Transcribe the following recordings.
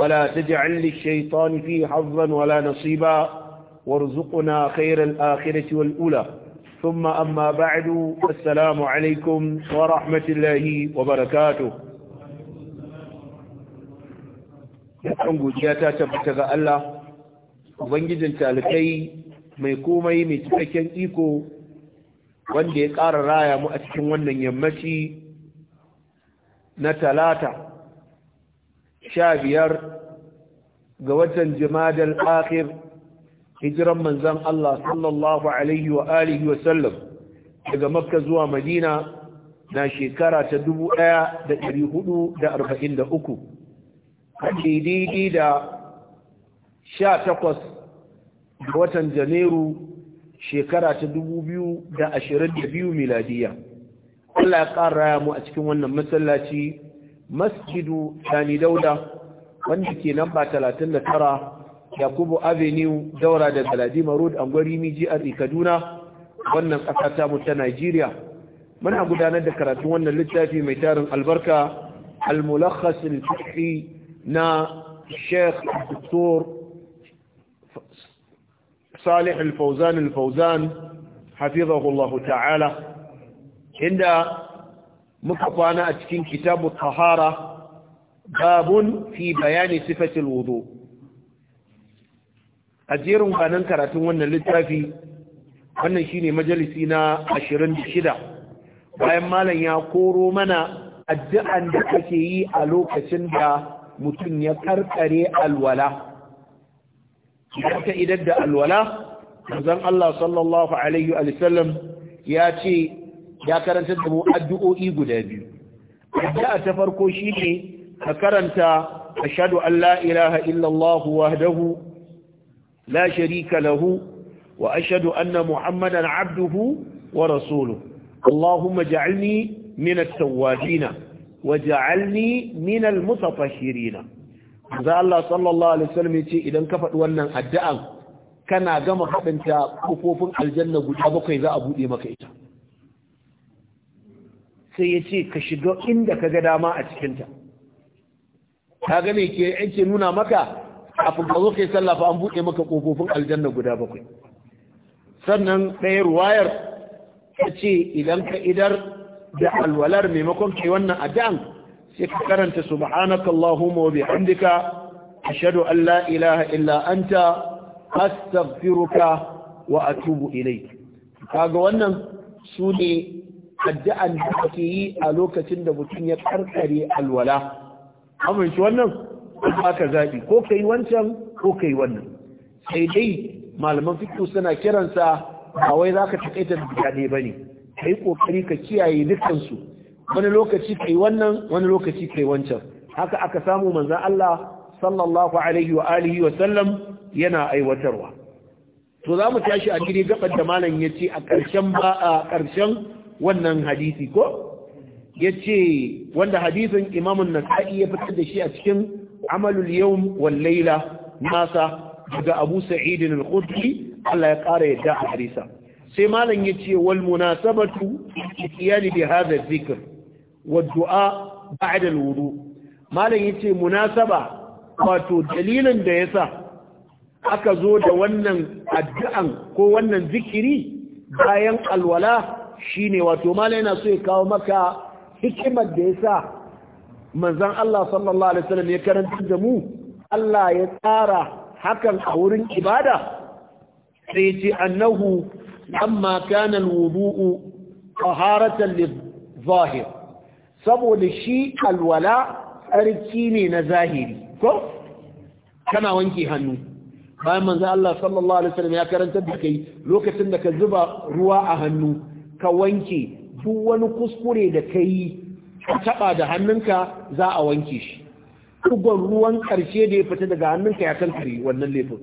ولا تجعل للشيطان فيه حظا ولا نصيبا وارزقنا خير الآخرة والأولى ثم أما بعد السلام عليكم ورحمة الله وبركاته yakan godiya ta tabbata ga Allah ubangijin talikai mai komai mai cikakken iko wanda ya ƙara raya mu a cikin wannan yammaci na talata sha biyar ga watan jimadal akhir hijiran manzan Allah sallallahu alaihi wa alihi wa sallam daga makka zuwa madina na shekara ta dubu ɗaya da ɗari hudu da arba'in da uku a daidai da sha takwas ga watan janairu shekara ta dubu biyu da ashirin da biyu miladiya Allah ya ƙara mu a cikin wannan masallaci masjidu sani dauda wanda ke namba 39 yakubu avenue daura da galadima road angwari mijiyar e, kaduna wannan ƙasa ta mu ta nigeria muna gudanar da karatun wannan littafi mai tarin albarka al-mulakhas al-fiqhi na Sheikh Dr. Salih al-Fawzan al-Fawzan ta'ala inda muka kwana a cikin kitabu tahara babun fi bayani sifatil wudu a jerin banan karatun wannan littafi wannan shine majalisi na 26 bayan malam ya koro mana addu'an da kake yi a lokacin da mutum ya karkare alwala idan ka da alwala manzon Allah sallallahu alaihi wa sallam ya ce ya karanta da mu addu'o'i guda biyu addu'a ta farko shine ka karanta ashhadu an la ilaha illa Allah wahdahu la sharika lahu wa ashhadu anna muhammadan abduhu wa rasuluhu allahumma ja'alni min at-tawwabin wa ja'alni min al-mutatahhirin za Allah sallallahu alaihi wasallam yace idan ka faɗi wannan addu'an kana gama haɗinta kofofin aljanna guda bakwai za a buɗe maka ita sai ya ce ka shiga inda ka ga dama a cikinta ta gane ke yake nuna maka a ka kai sallah an buɗe maka ƙofofin aljanna guda bakwai sannan ɗaya ruwayar ta ce idan ka idar da alwalar maimakon kai wannan addu'an sai ka karanta subhanaka allahumma wa bihamdika ashhadu an ilaha illa anta astaghfiruka wa atubu ilai kaga wannan su ne addu'an da ake yi a lokacin da mutum ya karkare alwala amince wannan Baka ka zaɓi ko ka yi wancan ko ka yi wannan sai dai malaman fito suna kiransa ba wai za ka taƙaita da guda ba ne ka yi ƙoƙari ka kiyaye dukansu wani lokaci ka yi wannan wani lokaci ka yi wancan haka aka samu manzan Allah sallallahu alaihi wa alihi wa sallam yana aiwatarwa to za mu tashi a gidi gabar da malam ya ce a ƙarshen ba a ƙarshen wannan hadisi ko ya ce wanda hadisin imamun nasa'i ya fitar da shi a cikin amalul yawm wallaila nasa daga abu sa'idin al-khudri Allah ya kara yadda a harisa sai malam ya ce wal munasabatu iyali bi hadha dhikr wa du'a ba'da al-wudu malam ya ce munasaba wato dalilin da yasa aka zo da wannan addu'an ko wannan zikiri bayan alwala shine wato malai na so ya kawo maka hikimar da ya sa manzan Allah sallallahu alaihi wasallam ya karanta da mu Allah ya tsara hakan a wurin ibada sai ce annahu amma kana alwudu'u taharatan lizahir saboda shi alwala tsarki ne na zahiri ko kana wanke hannu bayan manzo Allah sallallahu alaihi wasallam ya karanta da kai lokacin da ka zuba ruwa a hannu ka wanke duk wani kuskure da ka yi ka taɓa da hannunka za a wanke shi Dugon ruwan ƙarshe da ya fita daga hannunka ya kankare wannan laifin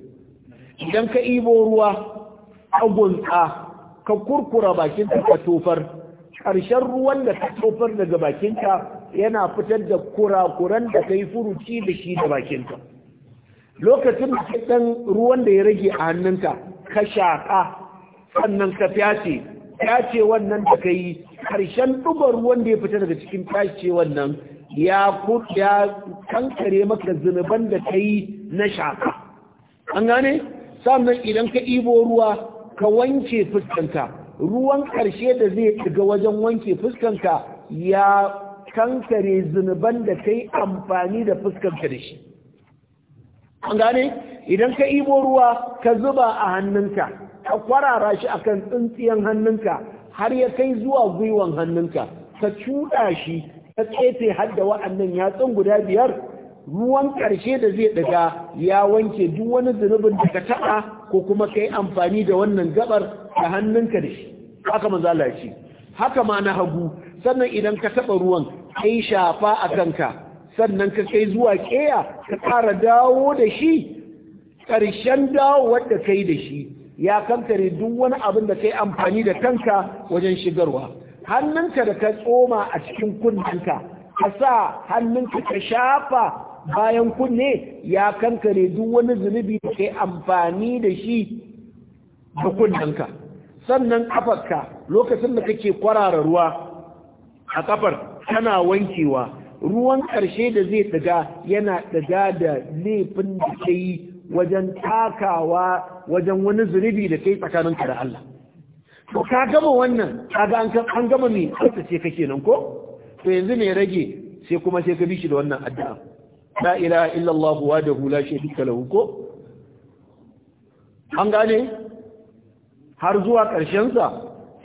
idan ka ibo ruwa ka gunta ka kurkura bakin ka tofar ƙarshen ruwan da ka tofar daga bakinka yana fitar da kurakuran da ka yi furuci da shi da bakinka lokacin da ɗan ruwan da ya rage a hannunka ka shaƙa sannan ka fyace tace wannan da yi karshen dubar ruwan da ya fita daga cikin tace wannan ya kankare maka zunuban da ka yi na shaka an gane sannan idan ka ibo ruwa ka wanke fuskanka ruwan ƙarshe da zai shiga wajen wanke fuskanka ya kankare zunuban da ka yi amfani da fuskanka da shi an gane idan ka ibo ruwa ka zuba a hannunka ka kwarara shi a kan tsintsiyan hannunka har ya kai zuwa gwiwan hannunka ka cuɗa shi ka tsefe har da wa'annan yatsun guda biyar ruwan ƙarshe da zai daga ya wanke duk wani zunubin da ka taɓa ko kuma ka yi amfani da wannan gabar da hannunka da shi haka manzo Allah haka ma na hagu sannan idan ka taɓa ruwan kai shafa a kanka sannan ka kai zuwa ƙeya ka ƙara dawo da shi ƙarshen dawowar da kai da shi ya kankare duk wani abin da kai amfani da kanka wajen shigarwa hannunka da ka tsoma a cikin kunnenka ka sa hannunka ka shafa bayan kunne ya kankare duk wani zunubi da kai amfani da shi da kunnenka sannan kafarka lokacin da kake kwarara ruwa a kafar tana wankewa ruwan ƙarshe da zai ɗiga yana ɗiga da laifin da ta yi wajen takawa wajen wani zunubi da kai tsakaninka da Allah to ka gama wannan kaga an gama alta ce ka kenan ko to yanzu ne rage sai kuma sai ka bi shi da wannan addu'a la ilaha illallah wahdahu la sharika lahu ko an gane har zuwa ƙarshen sa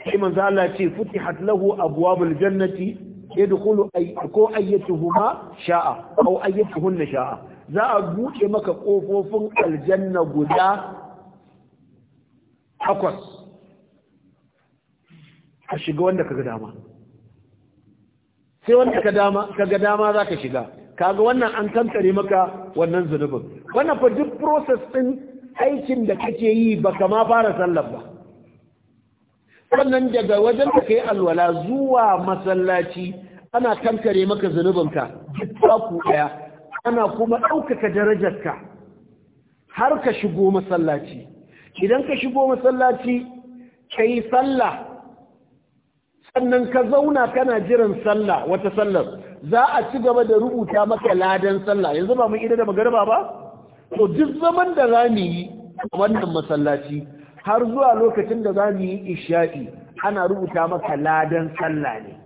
sai manzo Allah ce futihat lahu abwabul jannati yadkhulu ay ko ayyatuhuma sha'a aw ayyatuhunna sha'a za a buɗe maka ƙofofin aljanna guda takwas a shiga wanda ka ga dama sai wanda ka ga dama za ka shiga kaga wannan an kankare maka wannan zunubin wannan fa duk process ɗin aikin da kake yi ba kama fara sallar ba wannan daga wajen da kai alwala zuwa masallaci ana kankare maka zunubinka duk ku ɗaya ana kuma ɗaukaka darajarka har ka shigo masallaci idan ka shigo masallaci ka yi sallah sannan ka zauna kana jiran sallah wata sallar za a ci gaba da rubuta maka ladan sallah yanzu ba mun ida da magarba ba to duk zaman da za mu yi wannan masallaci har zuwa lokacin da za mu yi isha'i ana rubuta maka ladan sallah ne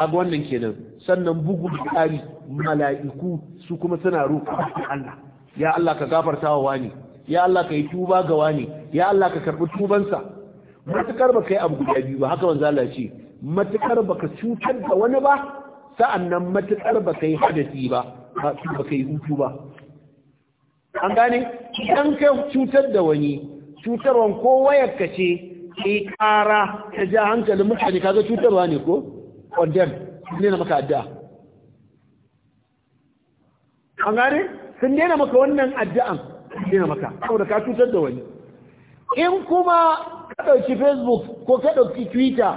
abu wannan kenan sannan bugu da ƙari mala'iku su kuma suna roƙa Allah ya Allah ka gafarta wa wani ya Allah ka yi tuba ga wani ya Allah ka karɓi tubansa matukar ba kai abu guda biyu ba haka manzo Allah ce matukar ba ka cutar da wani ba sa'annan matukar ba kai hadasi ba ba kai hutu ba an gane idan ka cutar da wani cutarwan ko wayar ka ce kai ƙara ta ja hankalin mutane kaga cutarwa ne ko condemn sun daina maka addu'a an gane sun daina maka wannan addu'an sun daina maka saboda ka cutar da wani in kuma ka ɗauki facebook ko ka ɗauki twitter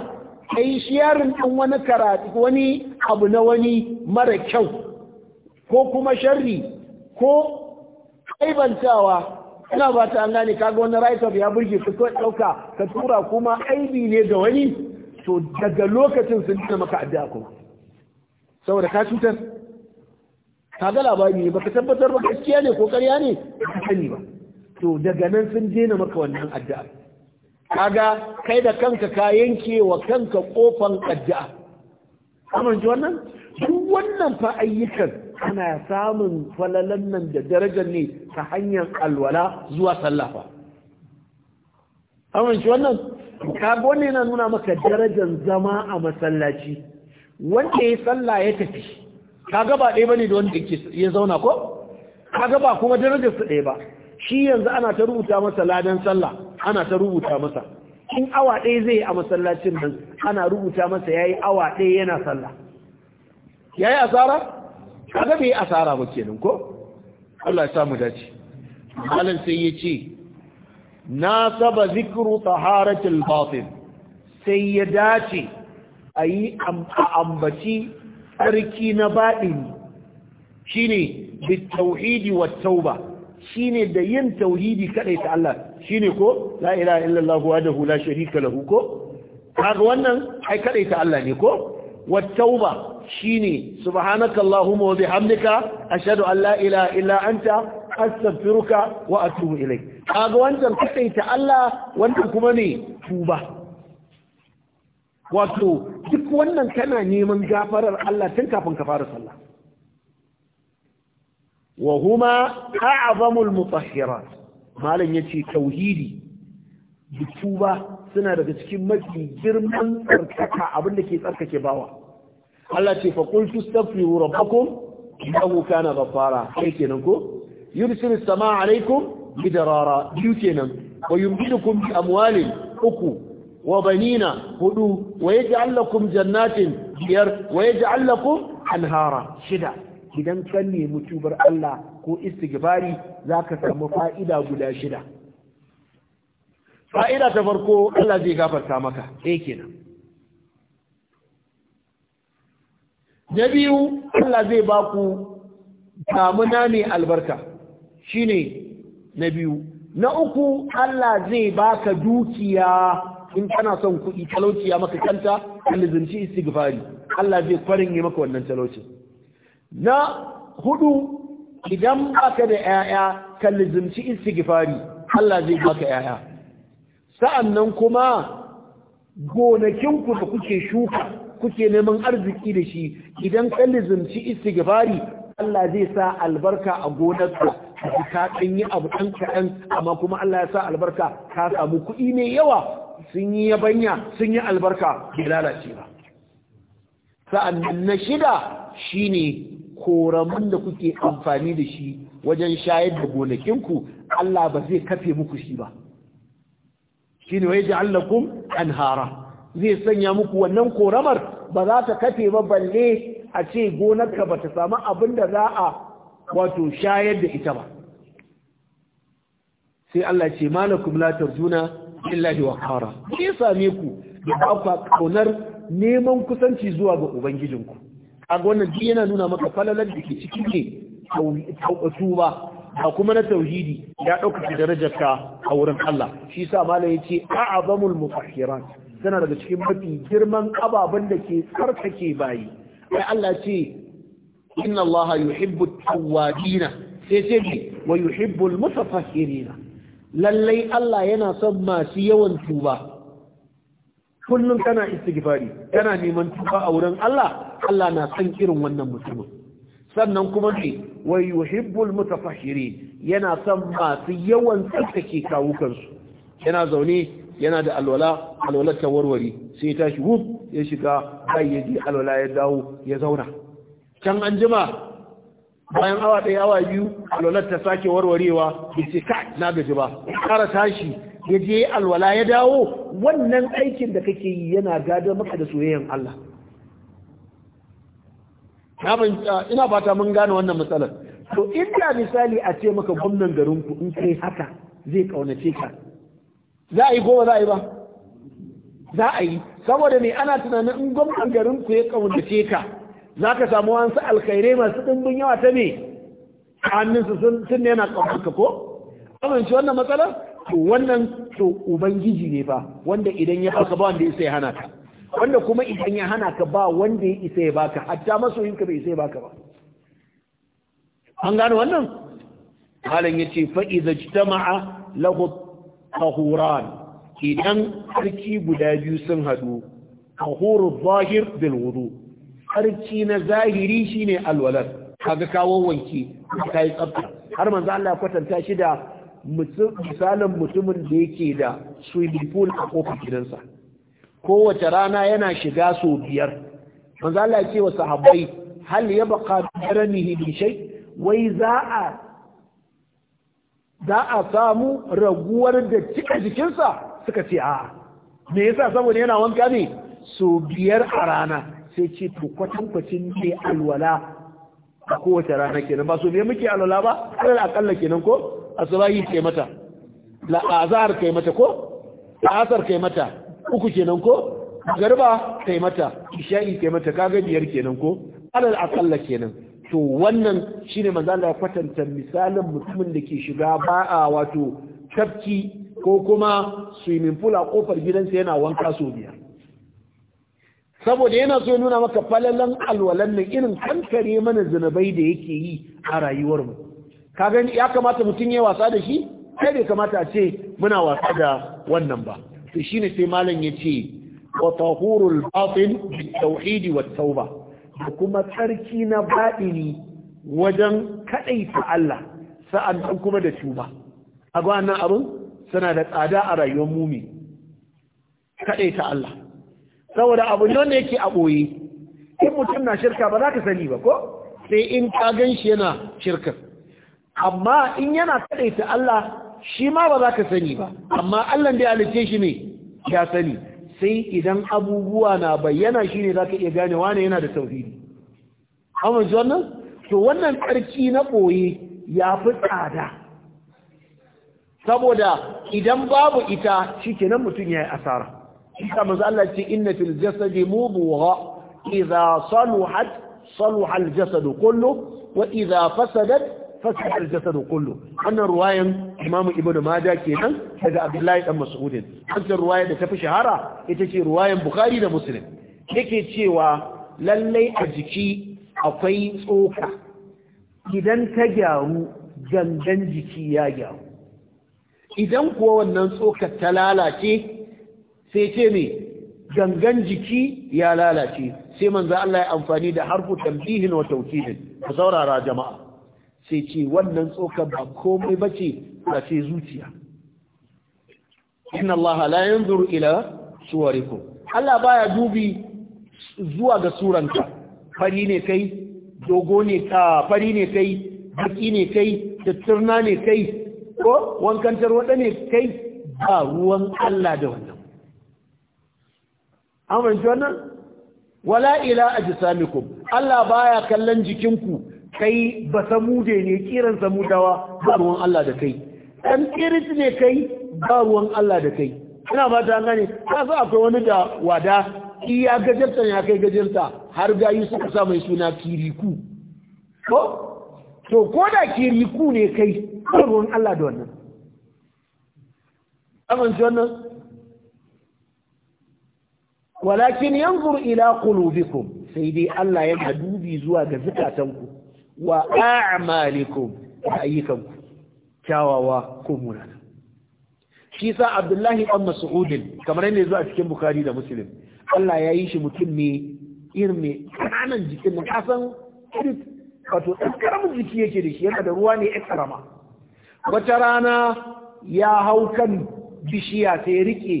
ka yi sharing ɗin wani karatu wani abu na wani mara kyau ko kuma sharri ko aibantawa ina ba ta an gane kaga wani right of ya burge ka ɗauka ka tura kuma aibi ne ga wani to daga lokacin sun nuna maka addu'a kuma saboda ka cutar ka ga labari ne baka tabbatar ba gaskiya ne ko ƙarya ne ka sani ba to daga nan sun dina maka wannan addu'a kaga kai da kanka ka yanke wa kanka kofan addu'a amince wannan duk wannan fa ayyukan ana samun falalan nan da darajar ne ta hanyar alwala zuwa sallafa amince wannan kaga wannan yana nuna maka darajar zama a masallaci wanda ya sallah ya tafi kaga ba ɗaya bane da wanda ya zauna ko kaga ba kuma darajar su ɗaya ba shi yanzu ana ta rubuta masa ladan sallah ana ta rubuta masa in awa ɗaya zai yi a masallacin nan ana rubuta masa yayi awa ɗaya yana sallah yayi asara kaga bai asara ba kenan ko Allah ya samu dace malam sai ya ce nasaba zikiru taharatul batin sai ya dace ayi ambaci tsarki na baɗini shine bitauhidi wat tauba shine da yin tauhidi kadai ta Allah shine ko la ilaha illallah wahdahu la sharika lahu ko kaga wannan ai kadai ta Allah ne ko wat tauba shine subhanakallahumma wa bihamdika an la astaghfiruka wa atubu ilayk kaga wancan ta Allah wannan kuma ne tuba wato duk wannan kana neman gafarar Allah tun kafin ka fara sallah wa huma a'zamul mutahhirat malan yace tauhidi da tuba suna daga cikin mafi girman tsarkaka abin da ke tsarkake bawa Allah ce fa qultu astaghfiru rabbakum innahu kana ghaffara kai kenan ko yursilu samaa alaikum bidarara biyu kenan wa yumdidukum bi amwalin uku wa banina hudu wa yaj'al lakum jannatin biyar wa yaj'al lakum anhara shida idan kan mutubar Allah ko istighfari zaka samu fa'ida guda shida fa'ida ta farko Allah zai gafarta maka eh kenan na biyu Allah zai baku damuna mai albarka shine na biyu na uku Allah zai baka dukiya in kana son kuɗi talauci ya maka kanta kalizunci istighfari Allah zai kwarin yi maka wannan talauci. na hudu idan baka da kan kalizunci istighfari Allah zai baka ƴaƴa sa'annan kuma gonakinku da kuke shuka kuke neman arziki da shi idan kalizunci istighfari Allah zai sa albarka a gonar ku. ka ɗan yi abu ɗan kaɗan amma kuma Allah ya sa albarka ta samu kuɗi mai yawa sun yi yabanya sun yi albarka bai lalace ba sa'annan na shida shi ne koramin da kuke amfani da shi wajen shayar da gonakinku Allah ba zai kafe muku shi ba shine wai An hara. zai sanya muku wannan koramar ba za ta kafe ba balle a ce gonarka ba ta samu abin da za a wato shayar da ita ba sai Allah ce malakum la tarjuna illahi wa qara ki same ku da akwa kaunar neman kusanci zuwa ga ubangijinku kaga wannan duk yana nuna maka falalar da ke cikin ke ne ba. a kuma na tauhidi ya darajar ka a wurin Allah shi yasa malai yace a'zamul mutahhirat tana daga cikin mafi girman ababen da ke tsarkake bayi ai Allah ce inna allaha yuhibbu tawwabina sai ce ne wa yuhibbu almutafakirina lallai Allah yana son masu yawan tuba kullum kana istighfari kana neman tuba a wurin Allah Allah na san irin wannan mutumin sannan kuma ne wa yuhibbu almutafakirin yana son masu yawan tsarkake kawukansu yana zaune yana da alwala alwalar ta warware sai ya tashi wuf ya shiga bai ya je alwala ya dawo ya zauna can an jima bayan awa ɗaya awa biyu alwalar ta sake warwarewa da ce ka na gaji ba ƙara tashi ya je alwala ya dawo wannan aikin da kake yi yana gado maka da soyayyan Allah ah, ina fata mun gane wannan matsalar to inda misali a ce maka gwamnan garinku in kai haka zai kaunace ka za a yi goma za a yi ba za a yi saboda ne ana tunanin in gwamnan garinku ya kaunace ka za ka samu wasu alkhairai masu ɗimbin yawa ta ne a hannunsu sun yana ƙaunarka ko amince wannan matsala to wannan to ubangiji ne ba wanda idan ya haka ba wanda isa ya hana ka wanda kuma idan ya hana ka ba wanda ya isa ya baka hatta masoyinka bai isa ya baka ba an gano wannan halin ya ce fa'iza jitama'a lahu tahuran idan sarki guda biyu sun haɗu tahurul zahir bil wudu farci na zahiri shi shine alwalar kaga kawo wanki yi tsafta har manzo Allah ya kwatanta shi da misalin mutumin da yake da swimming pool a kofar gidansa kowace rana yana shiga sau biyar manzo Allah ya ce wa sahabbai hal yabqa daranihi bi shay wai za a za a samu raguwar da cika jikinsa suka ce a'a me yasa saboda yana wanka ne sau biyar a rana sai ce to kwatankwacin ne alwala a kowace rana kenan ba su me muke alwala ba alal akalla kenan ko asbahi kai mata la'azar kai mata ko la'azar kai mata uku kenan ko garba kai mata isha'i kai mata kaga biyar kenan ko alal akalla kenan to wannan shine manzo Allah ya kwatanta misalin mutumin da ke shiga ba a wato tafki ko kuma swimming pool a kofar gidansa yana wanka so biyar saboda yana so ya nuna maka falalan alwalan nan irin kankare mana zinabai da yake yi a rayuwar mu ka gani ya kamata mutum ya wasa da shi sai bai kamata a ce muna wasa da wannan ba to shine sai malam yace wa tahurul batin bi tauhid wa tauba da kuma tsarki na baɗini wajen kadaita Allah sa'an kuma da tuba a ga wannan abin suna da tsada a rayuwar mumi kadaita Allah saboda abu ne wanda yake a ɓoye in mutum na shirka ba za ka sani ba ko sai in ka gan shi yana shirka. amma in yana kaɗaita Allah shi ma ba za ka sani ba amma Allah da ya halitta shi ne ya sani sai idan abubuwa na bayyana shi ne za ka iya gane wane yana da tauhidi amma ji to wannan tsarki na ɓoye ya fi tsada saboda idan babu ita shi kenan mutum ya yi asara isa manzo Allah ce inna fil jasadi mudghah idza saluhat saluha al jasad kullu wa idza fasadat fasada al jasad kullu wannan ruwayan Imam Ibn Majah kenan daga Abdullahi dan Mas'ud wannan ruwaya da tafi shahara ita ce ruwayan Bukhari da Muslim yake cewa lallai a jiki akwai tsoka idan ta gyaru gangan jiki ya gyaru idan kuwa wannan tsokar ta lalace sai ce me gangan jiki ya lalace sai manzo Allah ya amfani da harfu tambihin wa tawkidin ku saurara jama'a sai ce wannan tsokar ba komai bace ba ce zuciya inna Allah la yanzuru ila suwarikum Allah baya dubi zuwa ga suranka fari ne kai dogo ne ka fari ne kai baki ne kai tattirna ne kai ko wankantar tarwada ne kai ba ruwan Allah da wannan an fahimci wannan wala ila ajsamikum Allah baya kallon jikinku kai ba samude ne kiran samudawa ba ruwan Allah da kai dan kirit ne kai ba ruwan Allah da kai ina ba ta gane kasu akwai wani da wada iya gajarta ne akai gajarta har gayi suka sa mai suna kiriku ko to ko da kiriku ne kai ba ruwan Allah da wannan amince wannan walakin yanzur ila qulubikum sai dai Allah yana dubi zuwa ga zukatanku wa a'malikum wa ayyukanku kyawawa ko munana shi sa Abdullahi ibn Mas'ud kamar yadda zuwa cikin Bukhari da Muslim Allah ya yi shi mutum ne irin kananan jikin nan kasan irin wato ɗan karamin jiki yake da shi yana da ruwa ne ya karama wata rana ya hau kan bishiya sai ya rike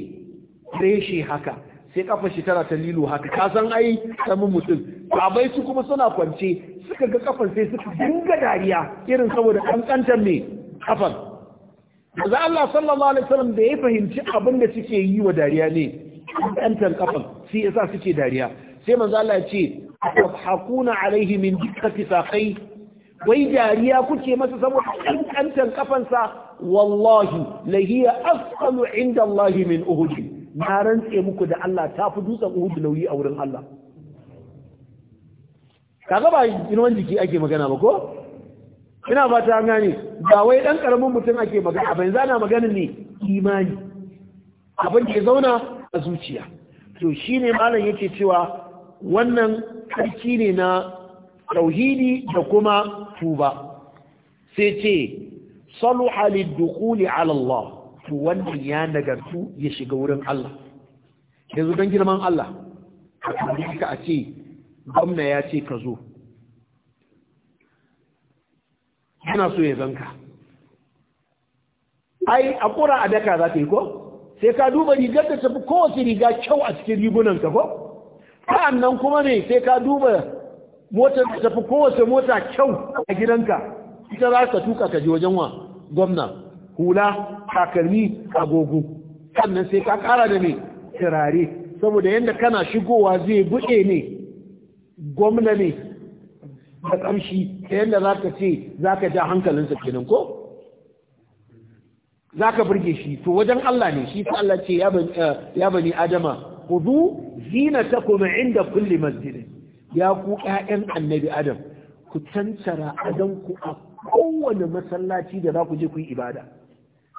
reshe haka sai kafar shi tana ta lilo haka ka san ai samun mutum babai su kuma suna kwance suka ga kafar sai suka dinga dariya irin saboda kankantar ne kafar da Allah sallallahu alaihi wasallam da ya fahimci abin da suke yi wa dariya ne kankantar kafar sai yasa suke dariya sai manzo Allah ya ce tafhakuna alaihi min dikkati saqai wai dariya kuke masa saboda kankantar kafansa wallahi lahiya asqalu inda Allah min uhudi na rantse muku da Allah ta fi dutsen Uhud nauyi a wurin Allah kaga ba wani jiki ake magana ba ko ina ba ta gane ba wai dan karamin mutum ake magana ba yanzu ana magana ne imani abin ke zauna a zuciya to shine malam yake cewa wannan karki ne na tauhidi da kuma tuba sai ce saluha lid ala Allah to wannan ya nagartu ya shiga wurin Allah yanzu don girman Allah a ka a ce gwamna ya ce ka zo yana so ya zanka ai a kura a daka za ta yi ko sai ka duba rigar da tafi kowace riga kyau a cikin rigunan ka ko ta'an nan kuma ne sai ka duba motar da tafi kowace mota kyau a gidanka ita za ka tuka ka ji wajen wa gwamna hula takalmi agogo sannan sai ka kara da ne turare saboda yadda kana shigowa zai buɗe ne gwamna ne da ƙamshi ta yadda za ka ce za ka ja hankalinsa kenan ko za ka burge shi to wajen Allah ne shi ta Allah ce ya bani adama kudu zina ta kuma inda kulle masjidin ya ku ƴaƴan annabi adam ku tantara ku a kowane masallaci da za ku je ku yi ibada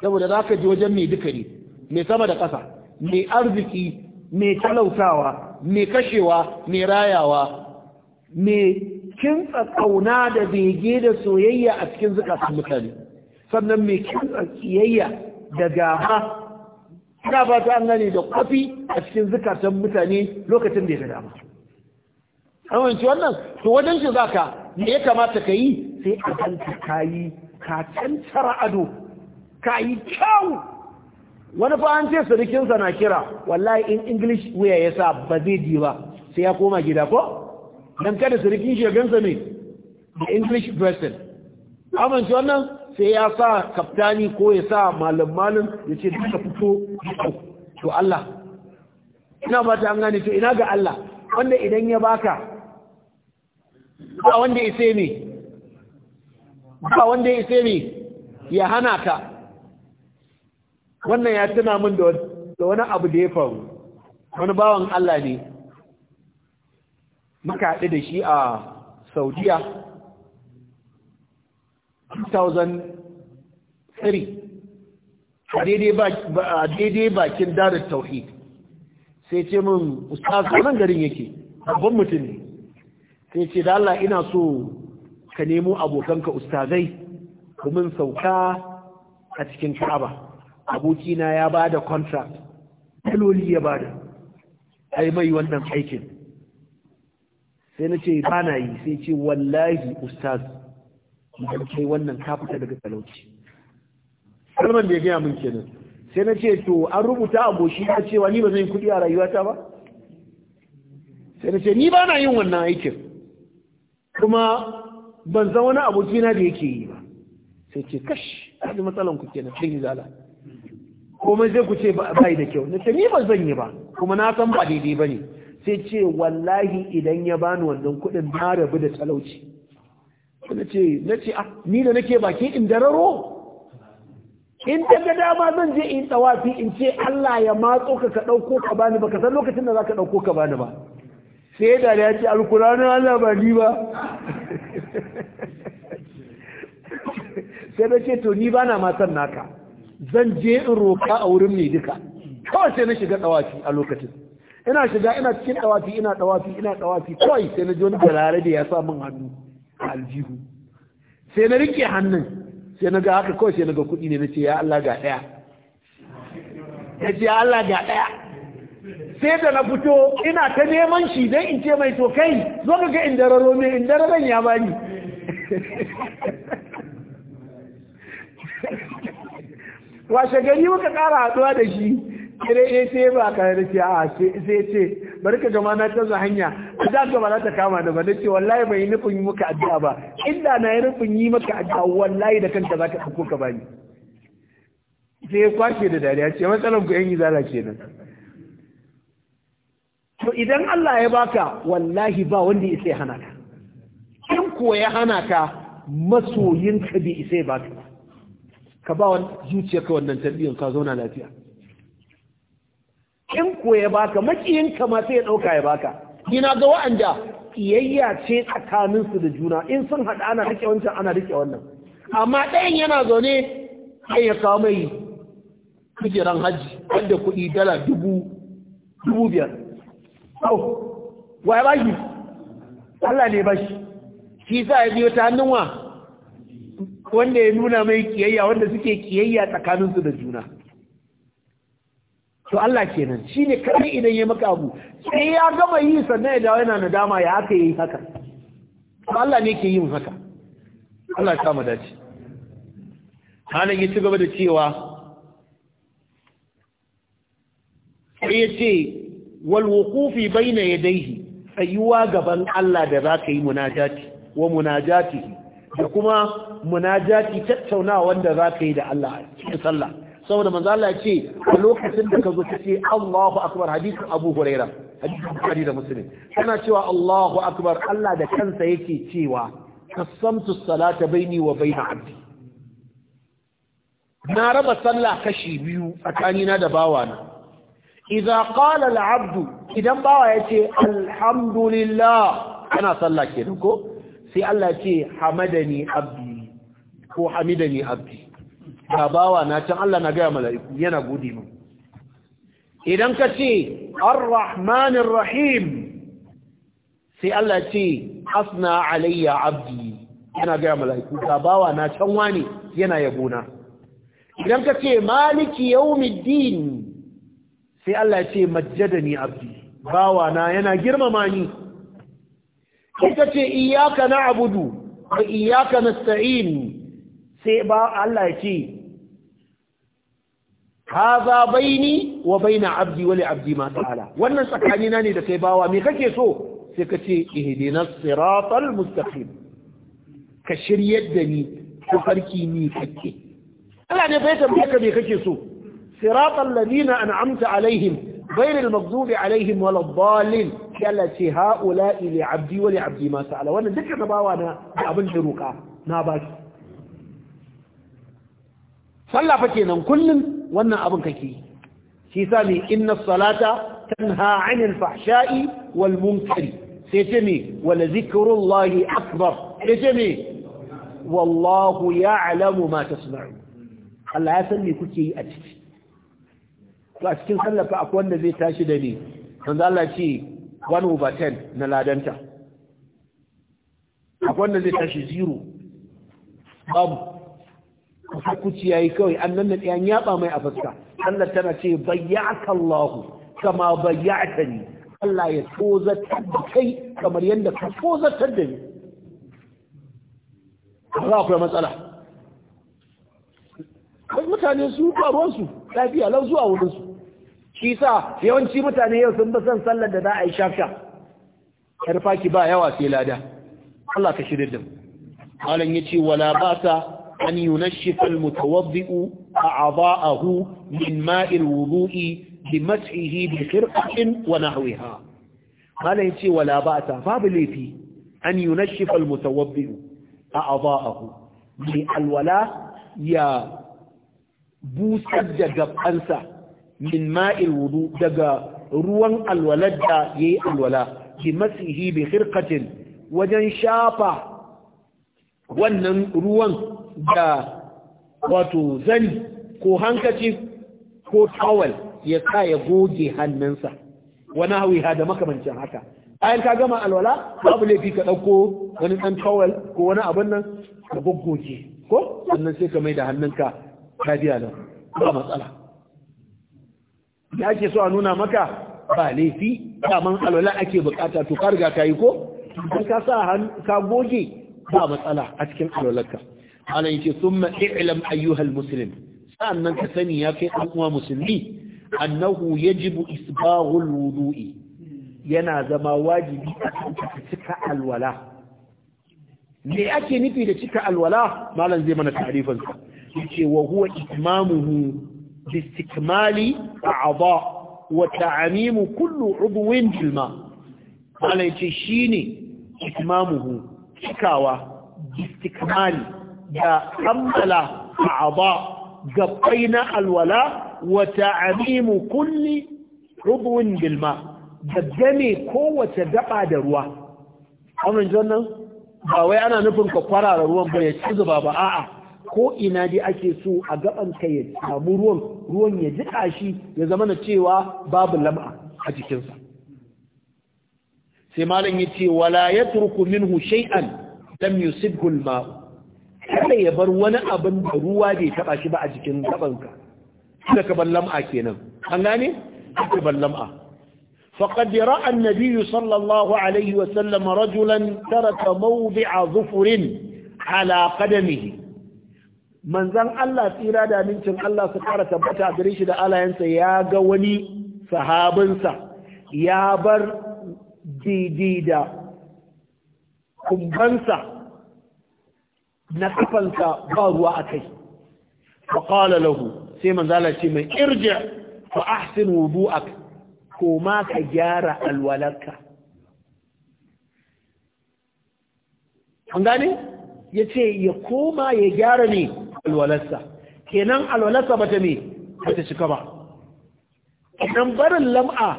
saboda za ka ji wajen mai duka ne mai sama da ƙasa mai arziki mai talautawa mai kashewa mai rayawa mai kintsa ƙauna da bege da soyayya a cikin zukatan mutane sannan mai kintsa kiyayya da gaba ina ba ta an gane da kwafi a cikin zukatan mutane lokacin da ya dama amince wannan to wajen shi zaka me ya kamata ka yi sai a kanka ka yi ka cancara ado ka yi kyau wani fa an ce sirikinsa na kira wallahi in english wuya ya sa ba zai ji ba sai ya koma gida ko don kada sirikin shegansa ne da english vessel amince wannan sai ya sa kaftani ko ya sa malam-malam ya ce duka fito to Allah ina ba ta gane to ina ga Allah wanda idan ya baka ba wanda ya ne ba wanda ya ne ya hana ka wannan ya tuna min da wani abu da ya faru wani bawan Allah ne muka haɗu da shi a saudiya 2003 a daidai bakin darar tauhid sai ce min ustaz wannan garin yake Abin mutum ne sai ce da Allah ina so ka nemo abokanka ustazai kuma sauka a cikin ka'aba abokina ya ba da contract daloli ya ba da ai mai wannan aikin sai na ce ba na yi sai ce wallahi ustaz idan kai wannan ka daga talauci kalman da ya gaya min kenan sai na ce to an rubuta aboshi ya cewa ni ba zan yi kudi a rayuwata ba sai na ce ni ba na yin wannan aikin kuma ban san wani abokina da yake yi ba sai ce kash a matsalan ku kenan sai zala komai zai ku ce bai da kyau na ce ni ba zan yi ba kuma na san ba daidai ba ne sai ce wallahi idan ya bani wannan kuɗin na rabu da talauci na ce na ce a ah, ni da nake baki in dararo in daga dama zan je in tsawafi in ce Allah ya matso ka ka ɗauko ka bani ba ka san lokacin da za ka ɗauko ka bani ba sai da ya ce alkuranin Allah ba ni ba sai da ce to ni ba na matan naka zan je in roƙa a wurin mai duka kawai sai na shiga ɗawafi a lokacin ina shiga ina cikin ɗawafi ina ɗawafi ina ɗawafi kawai sai na ji wani galare da ya sa min hannu a aljihu sai na rike hannun sai na ga haka kawai sai na ga kuɗi ne na ce ya Allah ga ɗaya ya ce ya Allah ga ɗaya sai da na fito ina ta neman shi don in ce mai to kai zo ka ga indararo mai indararen ya bani washe gari muka kara haduwa da shi kire ne sai ba ka da ce a sai ce bari ka gama na ta hanya a za ka ba za ta kama da ba na ce wallahi bai nufin yi maka addu'a ba inda na yi nufin yi maka addu'a wallahi da kanta za ka ɗauko ka bani sai ya kwashe da dariya ce matsalar ku yan yi kenan to idan Allah ya baka wallahi ba wanda ya sai hana ka in ko ya hana ka masoyinka bai isai baka ka ba wani zuciyarka wannan tarbiyyar ka zauna lafiya in kuwa ya baka makiyinka ma sai ya ɗauka ya baka ina ga wa'anda kiyayya ce tsakaninsu da juna in sun haɗa ana rike wancan ana rike wannan amma ɗayan yana zaune sai ya kawo mai kujeran hajji wanda kuɗi dala dubu dubu biyar wa ya bashi Allah ne bashi shi sa ya biyo ta hannun wa wanda ya nuna mai kiyayya wanda suke kiyayya tsakaninsu da juna to Allah kenan shine kai idan ya maka abu sai ya gama yi sannan ya dawo yana nadama ya aka yi haka To Allah ne ke yin haka Allah ya mu dace halin ya ci gaba da cewa sai ya ce wal wuqufi bayna yadayhi tsayuwa gaban Allah da zaka yi munajati wa munajatihi da kuma munajati tattaunawa wanda za ka yi da Allah cikin sallah saboda manzo Allah ya ce a lokacin da ka zo ka ce Allahu akbar hadisin Abu Huraira hadisin Bukhari da Muslim kana cewa Allahu akbar Allah da kansa yake cewa qasamtu salata baini wa baina abdi na raba sallah kashi biyu tsakanina da bawana idza qala al-abdu idan bawa yace alhamdulillah kana sallah kenan ko sai Allah ce hamadani abdi ko hamidani abdi ba bawa na can Allah na gaya mala'iku yana gode mu idan ka ce ar-rahmanir rahim sai Allah ce asna alayya abdi yana gaya mala'iku ba bawa na can wani yana na idan ka ce maliki yawmiddin sai Allah ce majjadani abdi bawa na yana girmama ni Ka ce iyaka na abudu wa iyaka na sa'in sai ba Allah ya ce haza baini wa baina abdi wa abdi ma ta'ala wannan tsakanina ne da kai bawa me kake so sai ka ce ihdinas siratal mustaqim ka shiryar da ni ko farki ni kake Allah ne bai tambaye ka me kake so siratal ladina an'amta alaihim غير المغضوب عليهم ولا الضالين كالتي هؤلاء لعبدي ولعبدي ما سأل وانا ذكر نباوانا أبن شروكا ناباك صلى فكينا كل وانا أبن كيكي شيثاني إن الصلاة تنهى عن الفحشاء والمنكر سيتمي ولذكر الله أكبر سيتمي والله يعلم ما تصنعون الله يسمي كل شيء أتفي to a cikin sallah fa akwai wanda zai tashi da ni manzo Allah ce 1 over 10 na ladanta akwai wanda zai tashi 0 babu kuci yayi kawai annan da yan yaba mai a fuska Allah tana ce bayyaka Allah kama ni, Allah ya tozatar da kai kamar yadda ka tozatar da ni Allah akwai matsala mutane su faruwarsu lafiya lau zuwa wurinsu shi sa yawanci mutane yau sun bi son sallar da za a yi shafsha karfa ki ba yawa sai lada Allah ka shirya da mu yace wala basa أن ينشف المتوضئ أعضاءه من ماء الوضوء بمسحه بخرقة ونحوها قال يتي ولا بأس فابلي في أن ينشف المتوضئ أعضاءه alwala ya busar da gabansa. min ma'il wudu daga ruwan alwalar da yayi alwala bi masihi bi khirqatin wajen shafa wannan ruwan da wato zani ko hankaci ko tawal ya sa ya goge hannunsa wani hawi ha da makamancin haka ayan ka gama alwala babu laifi ka ɗauko wani ɗan tawal ko wani abin nan ka goggoge ko sannan sai ka mai da hannunka ka biya nan ba matsala da ake so a nuna maka ba laifi daman alwala ake bukata to ka ka yi ko don ka sa ka goge ba matsala a cikin alwalarka alan yace summa i'lam ayyuhal muslim sa'annan ka sani ya kai dan uwa musulmi annahu yajibu isbaghul wudu'i yana zama wajibi a cika alwala me ake nufi da cika alwala malam zai mana ta'rifin ce wa huwa itmamuhu باستكمال أعضاء وتعميم كل عضو في الماء على يتشيني إتمامه شكاوة باستكمال كمل أعضاء قبينا الولاء وتعميم كل عضو بالماء gaggame kowace gaba da ruwa amin jannan ba wai ana nufin ka kwarara ruwan ba ya ci zuba ba a'a ko ina dai ake so a gaban ka ya samu ruwan ruwan ya jiƙa shi ya zama na cewa babu lam'a a jikinsa sai malam ya ce wala ya turku minhu shay'an lam yusibhu al-ma kada ya bar wani abin da ruwa bai taba shi ba a jikin gabanka kada ka ban lam'a kenan an gane ka ban lam'a فقد رأى النبي صلى الله عليه وسلم رجلا ترك موضع ظفر على قدمه manzan Allah tsira da amincin Allah su fara tabbata a gare shi da alayensa ya ga wani sahabinsa ya bar didi da kumbansa na kafansa ba ruwa a kai faƙala lahu sai manzala ce mai irje fa ahsin ko koma ka gyara alwalarka an gane ya ce ya koma ya gyara ne alwalarsa kenan alwalarsa ta me ta cika ba idan barin lam'a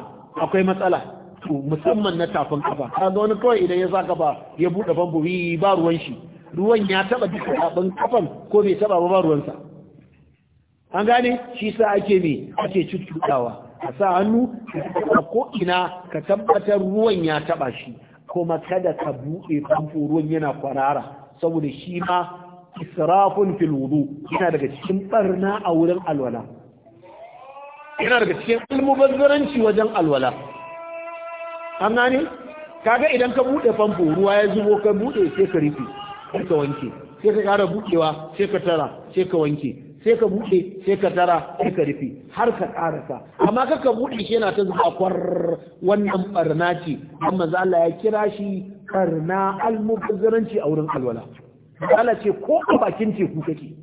akwai matsala to musamman na tafin kafa kaga wani kawai idan ya sa kafa ya bude yi ba ruwan shi ruwan ya taba duka tafin kafan ko bai taba ba ruwansa an gane shi sa ake me ake cututtawa a sa hannu a ko'ina ka tabbatar ruwan ya taba shi kuma kada ka buɗe famfo ruwan yana kwarara saboda shi ma israfun fil wudu yana daga cikin barna a wurin alwala yana daga cikin almubazzaranci wajen alwala an gane kaga idan ka bude famfo ruwa ya zubo ka bude sai ka rufe sai ka wanke sai ka kara budewa sai ka tara sai ka wanke sai ka buɗe sai ka tara sai ka rufe har ka karasa. amma ka ka buɗe shi yana ta zakwar wannan barna ce amma Allah ya kira shi barna almubazzaranci a wurin alwala Allah ce ko a bakin teku kake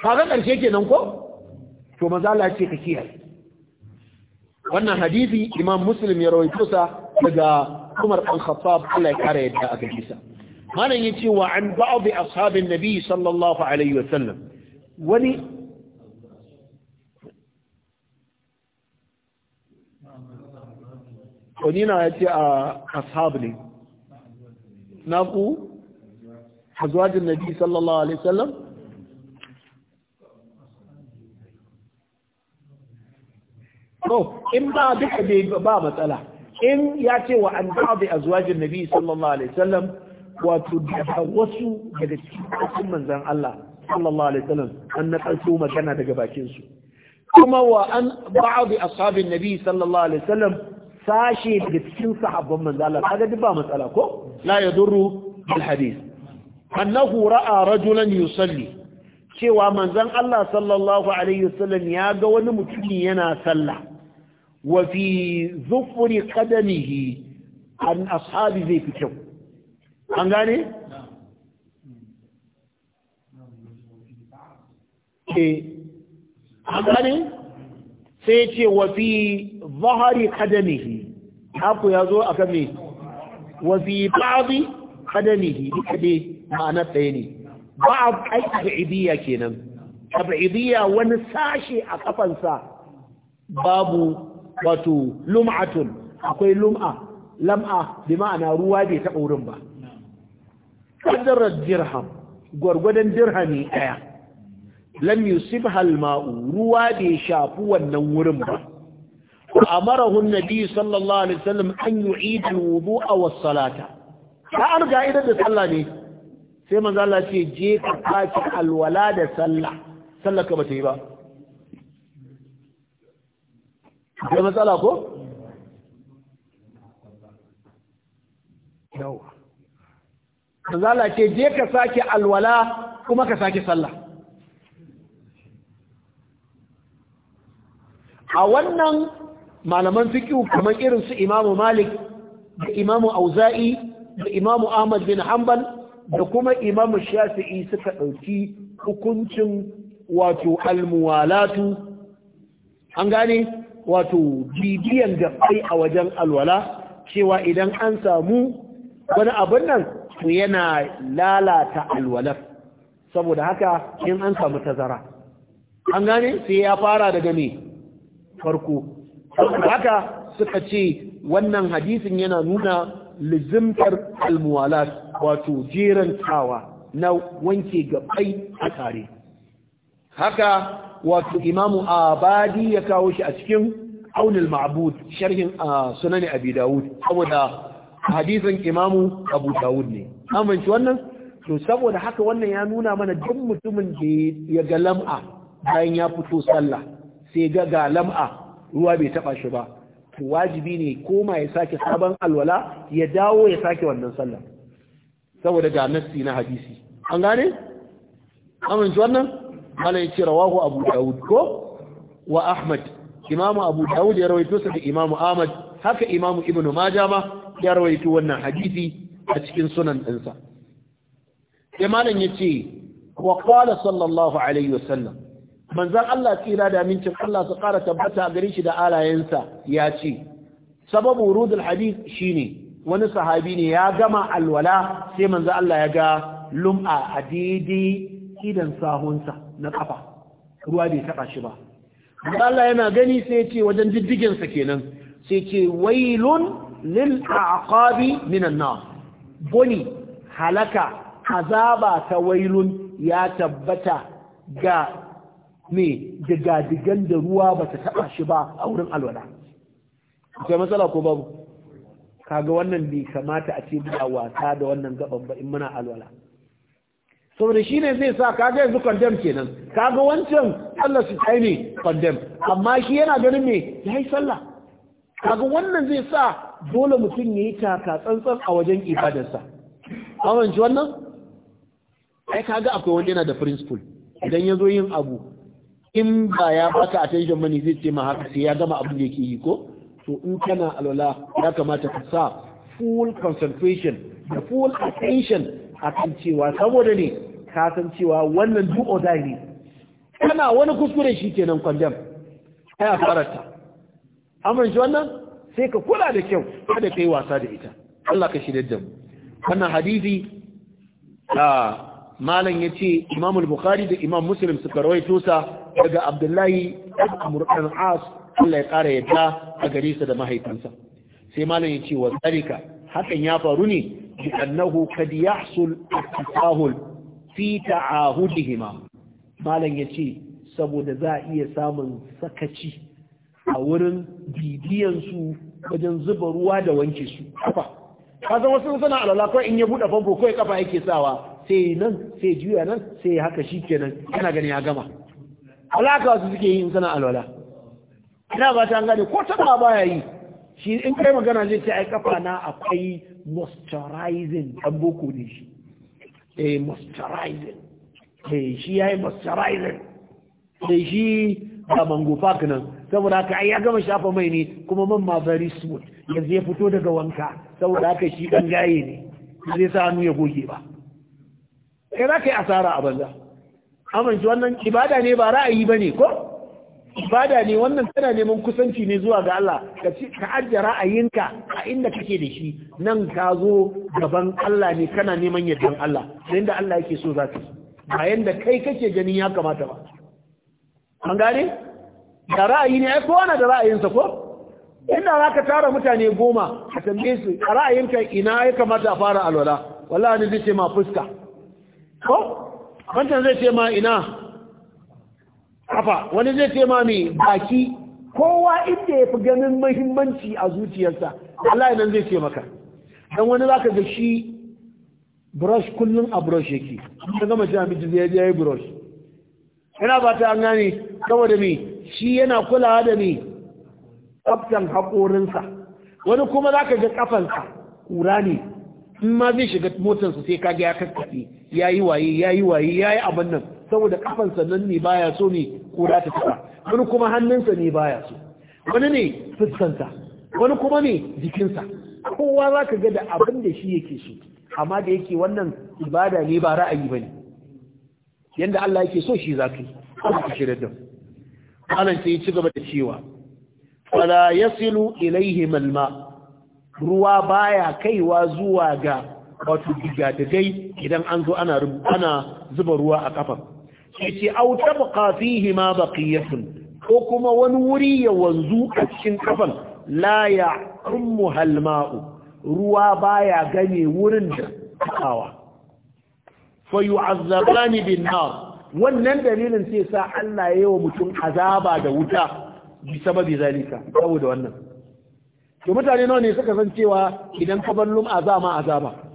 kaga karshe kenan ko to manzo Allah ce ka kiyaye wannan hadisi Imam Muslim ya rawaito sa daga Umar bin Khattab Allah ya kare yadda aka ji sa malan yace wa an ba'd ashabin nabi sallallahu alaihi wasallam wani wani na yace a ashab ne na ku in ba duka bai ba matsala in ya ce wa an ba'd azwajin nabi sallallahu alaihi wasallam wato da wasu daga cikin manzon Allah sallallahu alaihi wasallam an na kalso magana daga bakin su kuma wa an ba'd ashabin nabi sallallahu alaihi wasallam sashe daga cikin sahabban manzon Allah kaga ba matsala ko la yadurru annahu ra'a rajulan yusalli cewa manzon Allah sallallahu alaihi wasallam ya ga wani mutumi yana sallah wa fi zufri qadamihi an ashabi zai fi kyau an gane eh an gane sai ce wa fi zahari qadamihi haku yazo akan me wa fi ba'dhi qadamihi duka dai ma'ana ɗaya ne ba'd ai tab'idiyya kenan tab'idiyya wani sashe a kafansa babu wato lum'atun akwai lum'a lam'a bi ma'ana ruwa bai taɓa wurin ba qadarar dirham gwargwadon dirhami ɗaya lam yusif al-ma'u ruwa bai shafi wannan wurin ba amarahu an-nabi sallallahu alaihi wasallam an yu'ida al-wudu'a was-salata ta an ga idan da sallah ne sai manzo Allah ce je ka kaci alwala da sallah sallah ka bata yi ba da matsala ko yau manzo Allah ce je ka sake alwala kuma ka sake sallah a wannan malaman fiqh kamar irin su Imam Malik da Imam Auza'i da imamu ahmad bin hanbal da kuma imamu shafi'i suka ɗauki hukuncin wato almuwalatu an gane wato bibiyan gabbai a wajen alwala cewa idan an samu wani abun nan to yana lalata alwalar saboda haka in an samu tazara an gane sai ya fara daga me farko haka suka ce wannan hadisin yana nuna lizimtar almuwalat wato jerantawa na wanke gabai a tare haka wato imamu abadi ya kawo shi a cikin aunil ma'bud sharhin sunan abi dawud saboda hadisin imamu abu dawud ne amince wannan to saboda haka wannan ya nuna mana duk mutumin da ya ga lam'a bayan ya fito sallah sai ga ga lam'a ruwa bai taba shi ba wajibi ne koma ya sake sabon alwala ya dawo ya sake wannan sallah saboda ga nassi na hadisi an gane amince wannan mala yace rawahu abu daud ko wa ahmad imamu abu daud ya rawaito sa da imamu ahmad haka imamu ibnu majah ma ya rawaito wannan hadisi a cikin sunan ɗinsa. sai malam yace wa qala sallallahu alaihi wasallam manzan Allah tsira da amincin Allah su ƙara tabbata a gare shi da alayensa ya ce sababu rudul hadith shine wani sahabi ne ya gama alwala sai manzan Allah ya ga lum'a a daidai idan sahunsa na ƙafa. ruwa bai taba shi ba manzan Allah yana gani sai ce wajen diddiginsa kenan sai ce wailun lil aqabi minan nar boni halaka azaba ta wailun ya tabbata ga ne digadigan da ruwa ba ta taba shi ba a wurin alwala akwai matsala ko babu kaga wannan bai kamata a ce ba wasa da wannan gaban ba in muna alwala saboda shi ne zai sa kaga yanzu condemn kenan kaga wancan Allah su tsaye ne condemn amma shi yana ganin me ya yi sallah kaga wannan zai sa dole mutum ya yi taka tsantsan a wajen ibadarsa amince wannan ai kaga akwai wanda yana da principle idan ya zo yin abu in ba ya baka attention bane zai ce ma haka sai ya gama abin da yake yi ko to in kana alwala ya kamata ka sa full concentration da full attention a kan cewa saboda ne ka san cewa wannan do or ne kana wani kuskure shi kenan kwandam ai a farata shi wannan sai ka kula da kyau kada kai wasa da ita Allah ka shirye da mu wannan hadisi ah malam ya ce imam al-bukhari da imam muslim suka rawaito sa daga abdullahi amr dan as Allah ya kara yadda a gare sa da mahaifinsa sai malam ya ce wa zalika hakan ya faru ne bi annahu kad yahsul at fi ta'ahudihima malam ya ce saboda za a iya samun sakaci a wurin su wajen zuba ruwa da wanke su kafa kaza san wasu suna alala ko in ya buɗe famfo kawai kafa yake sawa sai nan sai juya nan sai haka shi nan yana gani ya gama alaka wasu suke yi in alwala ina ba ta gane ko ta ba ya yi shi in kai magana zai ce ai kafa na akwai moisturizing dan boko ne shi eh moisturizing eh shi yayi moisturizing sai eh, shi ba mango park nan saboda haka ai ya gama shafa mai ne kuma man ma very smooth yanzu ya fito daga wanka saboda haka shi dan gaye ne zai sa hannu ya goge ba sai za ka yi asara a banza amince wannan ibada ne ba ra'ayi ba ne ko ibada ne wannan tana neman kusanci ne zuwa ga Allah ka ajiye ra'ayinka a inda kake da shi nan ka zo gaban Allah ne kana neman yardan Allah da inda Allah yake so za ka ba yanda kai kake ganin ya kamata ba an gane da ra'ayi ne ai ko ana da ra'ayinsa ko inda za ka tara mutane goma a tambaye su a ra'ayinka ina ya kamata a fara alwala wallahi ne zai ce ma fuska ko wancan zai ce ma ina kafa wani zai ce ma mai baki kowa inda yafi ganin mahimmanci a zuciyarsa Allah nan zai ce maka dan wani zaka ga shi brush kullum a brush yake amma gama ci abinci zai je brush yana ba ta gane saboda me shi yana kulawa da mai tsaftar haƙorinsa wani kuma zaka ga kafansa kura ne in ma zai shiga motarsa sai ka ga ya kakkaɓe Ya yi waye ya yi waye ya yi abin nan saboda kafansa nan ne baya so ne kura ta taba wani kuma hannunsa ne baya so wani ne fuskanta wani kuma ne jikinsa kowa za ka ga da abin da shi yake so amma da yake wannan ibada ne ba ra'ayi ba ne yadda Allah yake so shi za ka yi kuma ka shirar da alan sai ci gaba da cewa fala yasilu ilaihim alma ruwa baya kaiwa zuwa ga wato digadigai idan an zo ana ana zuba ruwa a kafar sai ce au tabqa fihi ma baqiyatun ko kuma wani wuri ya wanzu a cikin kafan la ya ummu halma'u ruwa baya gane wurin da kawa fa yu'azzabani bin nar wannan dalilin sai sa Allah ya yi wa mutum azaba da wuta bi zalika saboda wannan to mutane nawa ne suka san cewa idan ka azama azaba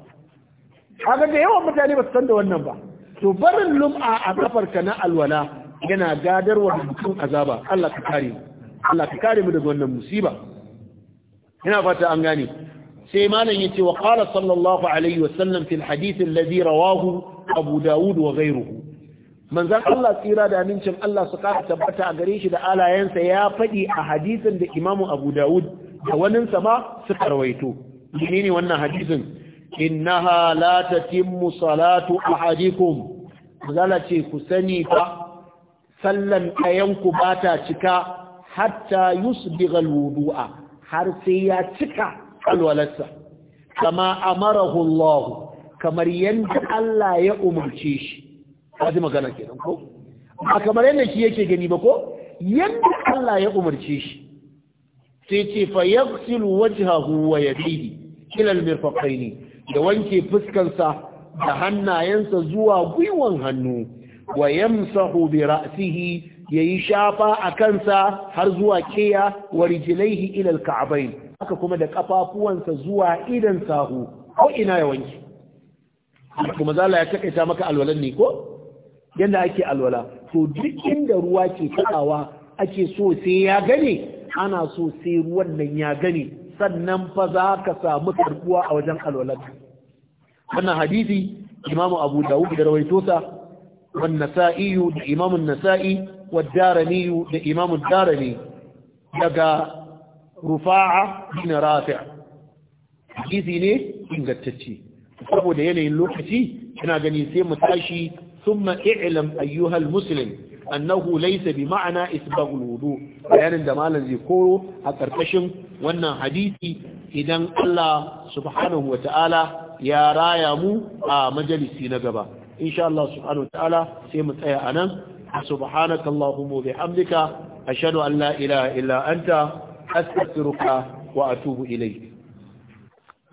kaga da yawan mutane ba su san da wannan ba to barin lum'a a kafarka na alwala yana gadarwa da mutum azaba Allah ka kare mu Allah ka kare mu daga wannan musiba ina fata an gane sai malam yace wa qala sallallahu alaihi wasallam fil hadith alladhi rawahu abu daud wa ghayruhu manzon Allah tsira da amincin Allah su ka tabbata a gare shi da alayensa ya fadi a hadisin da imamu abu daud da waninsa ma suka rawaito menene wannan hadisin innaha la tatimmu salatu ahadikum zala ce ku sani fa sallan ayanku bata cika hatta yusbighal wudu'a har sai ya cika alwalarsa kama amarahu Allah kamar yanda Allah ya umarce shi magana kenan ko ba kamar yanda shi yake gani ba ko yanda Allah ya umarce shi sai ce fa yaghsilu wajhahu wa yadihi ila al Da wanke fuskansa da hannayensa zuwa gwiwan hannu wa yamsahu bi ra'sihi yayi shafa a kansa har zuwa kiya wa rijlaihi ila al-ka'bayn haka kuma da kafafuwansa zuwa idan sahu ko ina ya wanke kuma zalla ya takaita maka alwalan ne ko yanda ake alwala to duk inda ruwa ke fadawa ake so sai ya gane ana so sai ruwan nan ya gane sannan fa za ka samu karbuwa a wajen alwalar wannan hadisi imamu abu dawud da rawaito sa wan nasa'i da imamu nasa'i wa darani da imamu darani daga rufa'a bin rafi' hadisi ne ingantacce saboda yanayin lokaci yana gani sai mu tashi ثم اعلم ايها المسلم annahu laysa bi ma'ana isbaghul wudu bayanin da malam zai koro a karkashin wannan hadisi idan Allah subhanahu wata'ala ya raya mu a majalisi na gaba insha Allah subhanahu wata'ala sai mu tsaya anan subhanakallahumma wa bihamdika ashhadu an la ilaha illa anta astaghfiruka wa atubu ilayk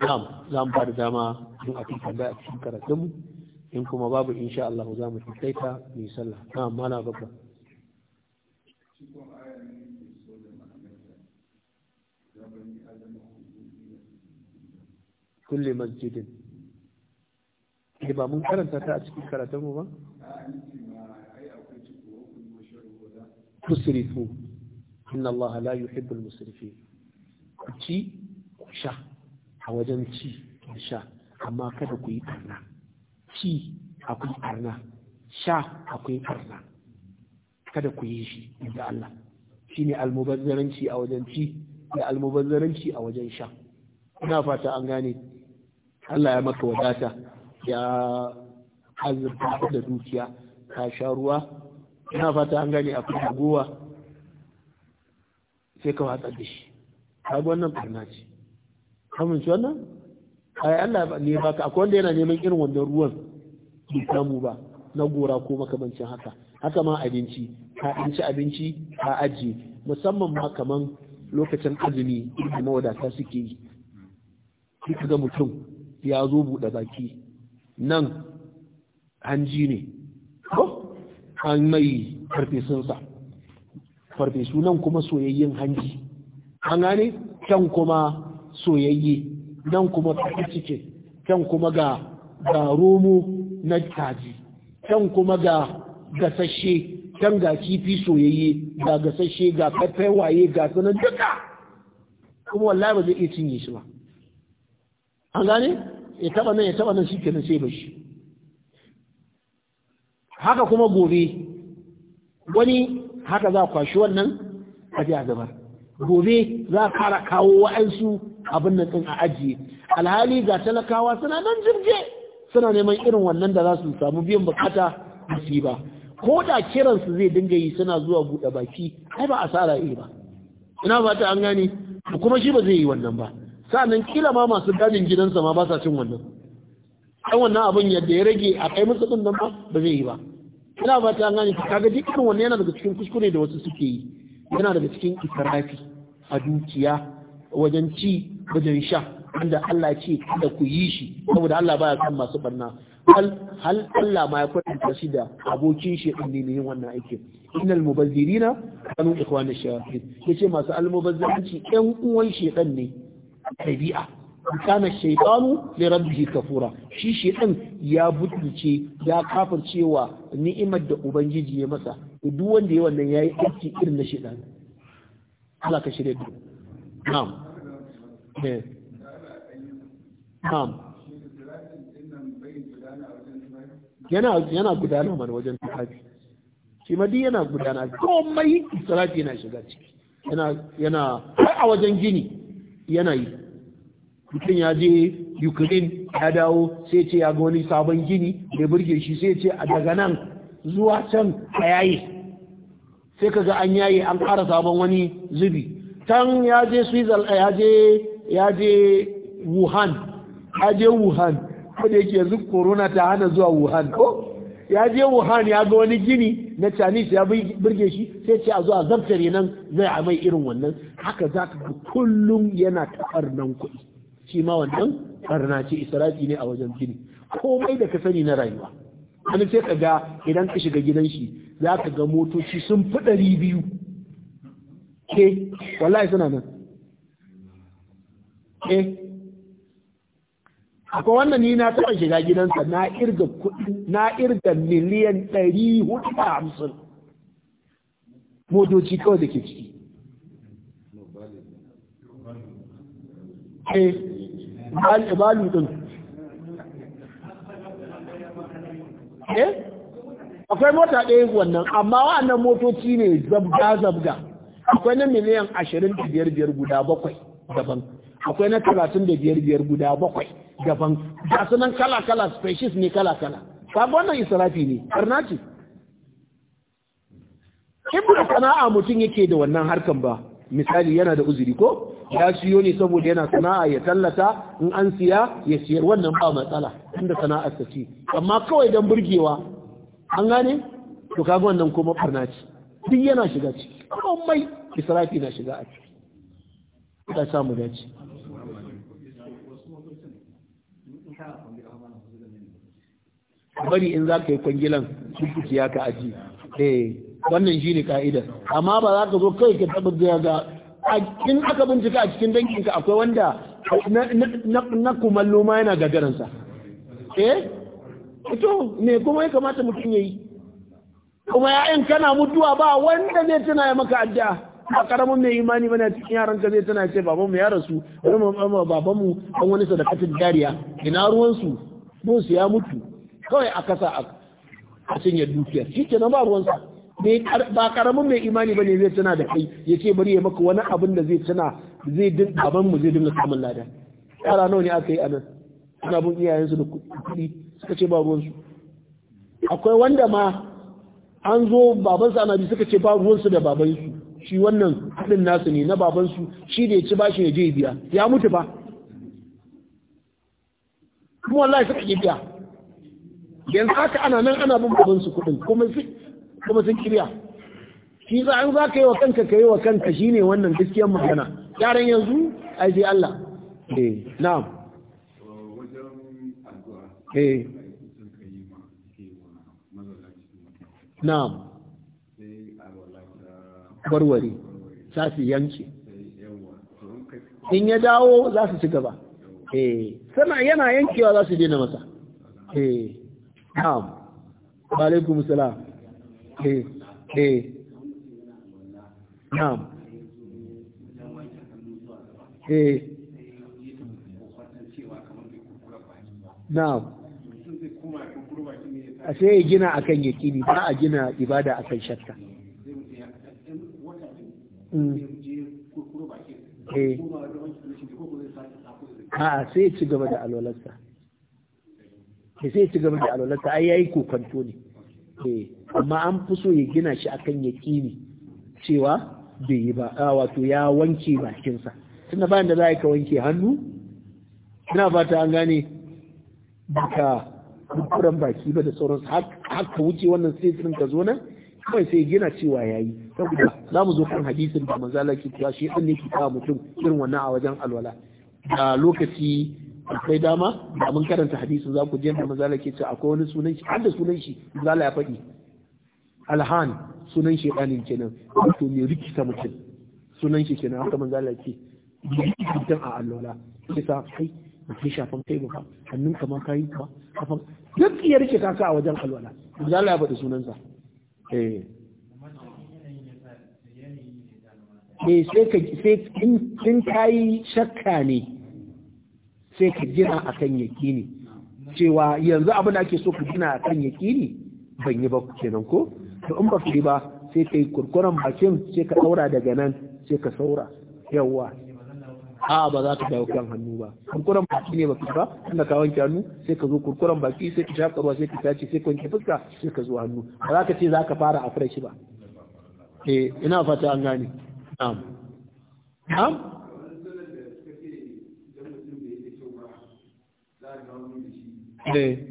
na'am zan ba da dama don a cikin tambaya cikin in kuma babu insha Allah za mu taita mai sallah na mala baka kulli masjidin ke eh, ba mun karanta ta a cikin karatun mu ba tusrifu inna Allah la yuhibbul musrifin ci ku sha a wajen ci da sha amma kada ku yi barna ci akwai arna sha akwai arna kada ku yi shi inda Allah ne almubazzaranci a wajen ci da almubazzaranci a wajen sha ina fata an gane Allah ya maka wadata ya azurta da dukiya ka sha ruwa ina fata an gane akwai gowa sai ka watsa da shi kaga wannan barna ce kamun shi wannan ai Allah ne baka akwai wanda yana neman irin wannan ruwan bai samu ba na gora ko makamancin haka haka ma abinci ka ci abinci ka ajiye musamman ma kaman lokacin azumi da mawadata suke yi duka ga mutum ya zo buɗe baki nan hanji ne an mai sa farfesu nan kuma soyayyen hanji an gane can kuma soyayye nan kuma ta cike can kuma ga ga romo na kaji can kuma ga gasashe can ga kifi soyayye ga gasashe ga kaffai waye ga sanan duka kuma wallahi ba zai iya cinye shi ba an gane ya taba nan ya taba nan shi kenan sai ba shi haka kuma gobe wani haka za a kwashi wannan a ji a gobe za a kara kawo wa'ansu abin nan a ajiye alhali ga talakawa suna nan jirge suna neman irin wannan da za su samu biyan bukata su ba ko da kiransu zai dinga yi suna zuwa buɗe baki ai ba asara yi ba ina ta an gane kuma shi ba zai yi wannan ba sa'annan kila ma masu gadin gidansa ma ba sa cin wannan dan wannan abun yadda ya rage a kai musu din nan ba ba zai yi ba ina ta an gane kaga duk irin wannan yana daga cikin kuskure da wasu suke yi yana daga cikin israfi a dukiya wajen ci wajen sha wanda Allah ce da ku yi shi saboda Allah baya kan masu barna hal Allah ma ya kwatanta shi da abokin shi din ne yin wannan aikin innal mubazzirina kanu ikhwana shayatin yace masu almubazziranci ɗan uwan shedan ne tabi'a kana shaytanu li rabbihi kafura shi shedan ya butuce ya kafircewa ni'imar da ubangiji ya masa duk wanda ya wannan yayi aiki irin na shedan Allah ka shirye da na'am eh. yana gudana mana wajen tufafi shi madi yana gudana komai israfi yana shiga ciki yana har a wajen gini yana yi mutum ya je ukraine ya dawo sai ce ya ga wani sabon gini da burge shi sai ce a daga nan zuwa can a yayi sai ka ga an yayi an ƙara sabon wani zubi can ya je switzerland ya je wuhan ya wuhan ko da yake yanzu corona ta hana zuwa wuhan ko ya je wuhan ya ga wani gini na chinese ya burge shi sai ce a zuwa zartare nan zai a mai irin wannan haka za ka ga kullum yana ta nan kuɗi shi ma wannan barna ce israfi ne a wajen gini komai da ka sani na rayuwa wani sai ka ga idan ka shiga gidan shi za ka ga motoci sun fi ɗari biyu ke wallahi suna nan eh akwai wannan ni na taɓa shiga gidansa na irga kuɗi na irga miliyan ɗari hudu da hamsin motoci kawai da ke ciki eh balu ɗin eh akwai mota ɗaya wannan amma wa'annan motoci ne zabga-zabga akwai na miliyan ashirin da biyar biyar guda bakwai daban akwai na talatin da biyar biyar guda bakwai gaban ga sunan kala-kala species ne kala-kala sabon wannan israfi ne karna ce in ba sana'a mutum yake da wannan harkan ba misali yana da uzuri ko ya siyo ne saboda yana sana'a ya tallata in an siya ya siyar wannan ba matsala inda sana'ar ta ce amma kawai don burgewa an gane to kaga wannan kuma farnaci. ce duk yana shiga ciki komai israfi na shiga a ciki ta samu dace bari in za ka yi kwangilan ya ka aji eh wannan ne ka'idar amma ba za ka zo kai ka tabbata ga in aka bincika a cikin danginka akwai wanda na kumallo ma yana gagaransa eh to me kuma ya kamata mutum ya yi kuma ya'yan kana mutuwa ba wanda zai tana ya maka addu'a ba karamin mai imani bane cikin yaran ka zai tana ce baban mu ya rasu wani babanmu baban mu dan wani sadakatin dariya ina ruwan su mun su ya mutu kawai a kasa a cinye dukiya shikenan ba ruwan sa ba karamin mai imani bane zai tana da kai ya ce bari ya maka wani abin da zai tana zai din baban mu zai dinga samun lada yara nawa ne aka yi anan suna bin iyayensu da kuɗi suka ce ba ruwan su akwai wanda ma an zo babansa ana bi suka ce ba ruwansu da babansu shi wannan haɗin nasu ne na babansu shi da ya ci bashi ya je biya ya mutu ba kuma wallahi suka ƙi biya yanzu haka ana nan ana bin babansu kuɗin kuma sun kiriya shi za an za ka yi wa kanka ka yi wa kanka shi ne wannan gaskiyar magana yaran yanzu a je Allah eh na'am eh. na'am warware za su yanke in ya dawo za su ci gaba eh sana yana yankewa za su daina masa eh na'am wa alaikum salam eh eh na'am eh na'am a sai ya gina akan yakini ba a gina ibada akan shakka Mm. Eh. a'a sai ya ci gaba da alwalarsa eh, sai ya ci gaba da alwalarsa ai yayi kokonto ne eh, amma an fi so ya gina shi akan yaƙini cewa bai yi ba wato ya wanke bakinsa tunda bayan da za a yi ka wanke hannu ina fata an gane baka kuran baki ba da sauransu haka wuce wannan sai ka zo nan kawai sai gina cewa yayi saboda za mu zo kan hadisin da manzo Allah ke cewa shi dan ne ke kawo mutum irin wannan a wajen alwala a lokaci akwai dama da mun karanta hadisin za ku je da manzo Allah ke cewa akwai wani sunan shi har da sunan shi manzo Allah ya faɗi alhan sunan shi ɗanin kenan wato mai rikita mutum sunan shi kenan haka manzo Allah ke rikita a alwala sai sa kai mutum shafan kai ba hannun ka ma kayi ba kafan duk ya rike kaka a wajen alwala manzo Allah ya faɗi sunansa eh eh sai ka yi shakka ne sai ka gina a akan yakini cewa yanzu abin da ake so ka gina a akan yakini ban yi ba kenan ko to in ba ba sai yi kurkuran bakin sai ka daura daga nan sai ka saura yawwa a'a ba za ta dawo kan hannu ba kurkuran baki ne baki ba tunda ka wanke hannu sai ka zo kurkuran baki sai ka shaka ruwa sai ka tace sai ka wanke fuska sai ka zo hannu ba za ka ce za ka fara a fresh ba eh ina fata an gane na'am na'am eh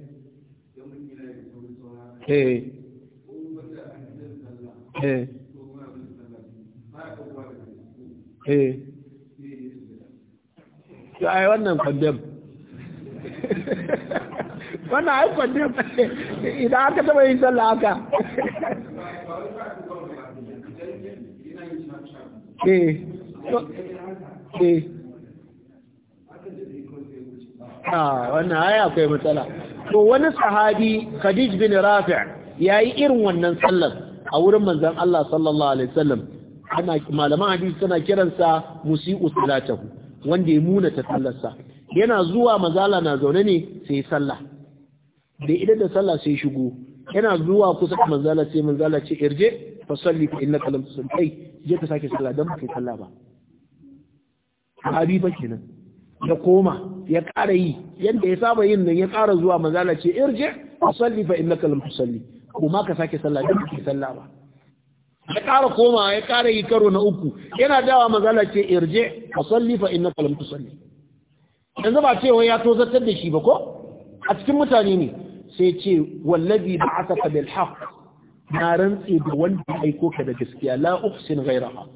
eh eh eh to ai wannan kwandam wannan ai kwandam idan aka taba yin sallah aka eh, eh. Ah, wannan ai akwai matsala to wani sahabi Khadij bin Rafi' yayi irin wannan sallar a wurin manzon Allah sallallahu alaihi wasallam ana malaman hadisi suna kiransa musi'u salatahu wanda ya muna ta sallarsa yana zuwa mazala na zaune ne sai sallah da idan da sallah sai shigo yana zuwa kusa da manzala sai manzala ce irje fa salli fa innaka lam tusalli je ka sake sallah dan kai sallah ba habiba kenan ya koma ya ƙara yi yanda ya saba yin nan ya ƙara zuwa manzala ce irje fa salli fa innaka lam tusalli kuma ka sake sallah dan kai sallah ba ya ƙara koma ya ƙara yi karo na uku yana dawa mazala ce irje ka salli fa inna kalam tusalli yanzu ba wani ya tozartar da shi ba ko a cikin mutane ne sai ce wallabi ba aka saka bil haq na rantse da wanda aiko ka da gaskiya la uhsin ghayraha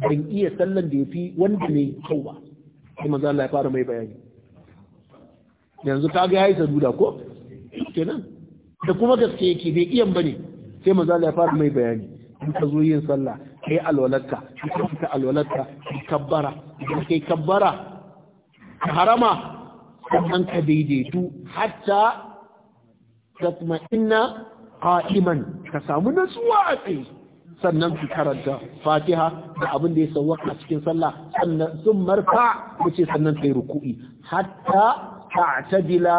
ban iya sallan da yafi wanda ne kyau ba sai manzo Allah ya fara mai bayani yanzu ta ga yayi saduda ko kenan da kuma gaske yake bai iyan bane sai manzo Allah ya fara mai bayani in ka zo yin sallah kai alwalarka in ka fita alwalarka kai kabbara idan kai kabbara ka harama sannan ka daidaitu hatta inna qa'iman ka samu nasuwa a tsaye sannan su karanta fatiha da abin da ya sauwaka a cikin sallah sannan sun marfa wuce sannan kai ruku'i hatta ta'tadila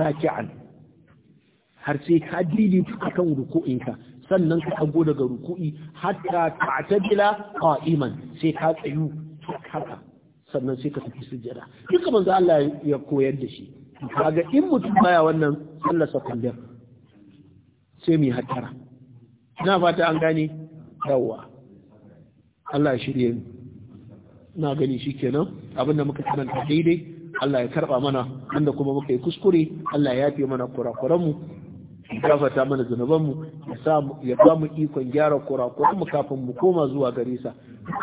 raki'an har sai ka dili akan ruku'inka sannan ka dago daga ruku'i hatta ta'tadila qa'iman sai ka tsayu haka sannan sai ka tafi sujjada duka manzo Allah ya koyar da shi kaga in mutum baya wannan sallar sakandar sai mu hatara ina fata an gane yawa Allah ya shirye na gani shikenan abinda muka karanta daidai Allah ya karba mana wanda kuma muka yi kuskure Allah ya yafe mana kurakuranmu gafata mana zunubanmu ya ba mu ikon gyara mu kafin mu koma zuwa gare sa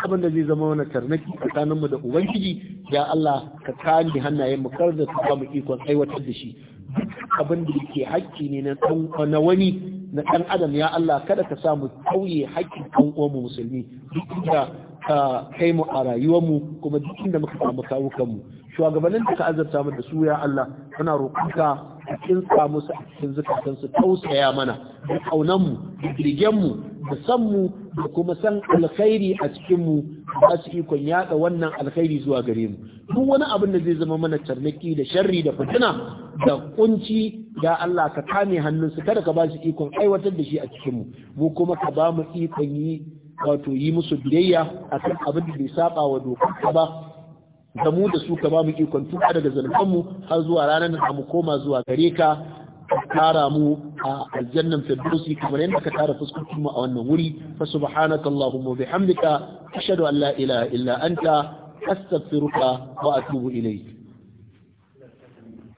abin da zai zama wani tarnaki tsakanin mu da ubangiji ya Allah ka kani hannayen mu kar da su ba mu ikon aiwatar da shi abin da ke hakki ne na wani na ɗan adam ya Allah kada ka sa mu kauye haƙƙin uwan mu musulmi duk inda ka kai mu a rayuwarmu kuma duk inda muka samu kawukan mu. shugabannin da ka azurta mu da su ya Allah muna roƙonka ka kinsa musu a cikin zukatan su tausaya mana da kaunan mu da girgen mu da san mu da kuma san alkhairi a cikin mu ba su ikon yada wannan alkhairi zuwa gare mu duk wani abin da zai zama mana tarnaki da sharri da fitina da kunci ya Allah ka kame hannun su kada ka ba su ikon aiwatar da shi a cikin mu mu kuma ka ba mu ikon yi wato yi musu biyayya akan abin da bai saba wa dokar ba da mu da su ka ba mu ikon tuba daga zalfanmu har zuwa ranar da mu koma zuwa gare ka tara mu a aljannan firdausi kamar yadda ka tara fuskokin mu a wannan wuri fa subhanaka allahumma bihamdika ashhadu an la ilaha illa anta astaghfiruka wa atubu ilayk